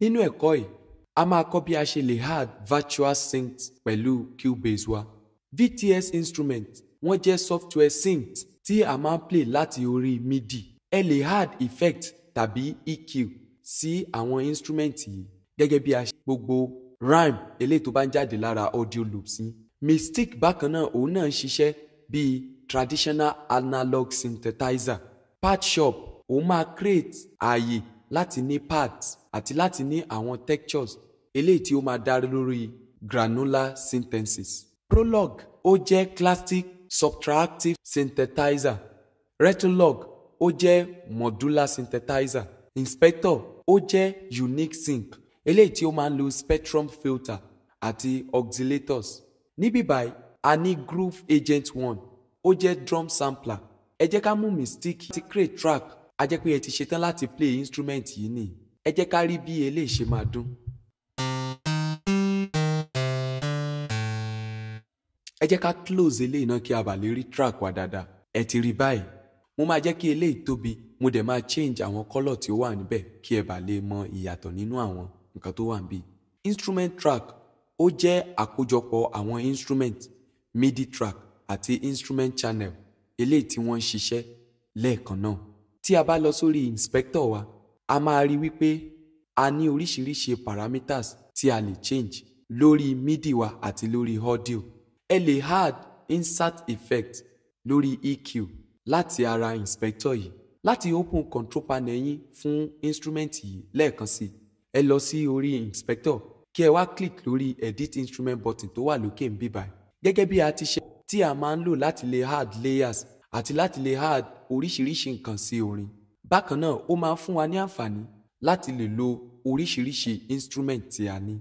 E no ECOI, a máa kọ́ bí a ṣe lè add virtual synth pẹ̀lú Cubase wa. VTS instrument wọ́n jẹ́ software synth tí a máa ń play láti orí MIDI. ẹ lè add effect tàbí EQ sí àwọn instrument yìí gẹ́gẹ́ bí a ṣe gbogbo rhyme eléyìí tó bá ń jáde lára audio loops yìí. Mystic bákan náà òun náà ń ṣiṣẹ́ bíi traditional analog synthesizer. Patchshop òun máa create ààyè láti ní pads àti láti ní àwọn textures eléyìí tí ó máa darí lórí granular synthesis. prologue ó jẹ́ classic subtractive synthesizer retologue ó jẹ́ modular synthesizer inspector ó jẹ́ unique sync eléyìí tí ó máa ń lo spectrum filter àti oscillators. níbí báyìí a ní groove agent one ó jẹ́ drum sampler ẹ jẹ́ ká mú mystic ti create track a jẹ́ pé ẹ ti ṣetán láti play instrument yìí nìyí ẹ jẹ́ ká rí bí eléyìí ṣe máa dún. ẹ jẹ́ ká close eléyìí náà kí a bà rí track wa dáadáa ẹ ti rí báyìí mo máa jẹ́ kí eléyìí tóbi mo dẹ̀ máa change àwọn kọ́lọ̀ tí ó wà níbẹ̀ kí ẹ bà lè mọ ìyàtọ̀ nínú àwọn nǹkan tó wà níbí instrument track ó jẹ́ àkójọpọ̀ àwọn instrument midi track àti instrument channel eléyìí tí wọ́n ń ṣiṣẹ́ lẹ́ẹ̀kan náà tí a bá lọ sórí inspector wa a máa rí wípé a ní oríṣiríṣi parameters tí a lè change lórí midi wa àti lórí audio ẹ lè add insert effect lórí eq láti ara inspector yìí láti open control panel yín fún instrument yìí lẹ́ẹ̀kan sí ẹ lọ sí orí inspector kí ẹ wá click lórí edit instrument button tó wà lókè ń bíbáyìí gẹ́gẹ́ bí a ti ṣe tí a máa ń lò láti lè add layers àti láti lè add oríṣiríṣi nǹkan sí orin bákan náà ó máa ń fún wa ní àǹfààní láti lè lo oríṣiríṣi instrument tí a ní.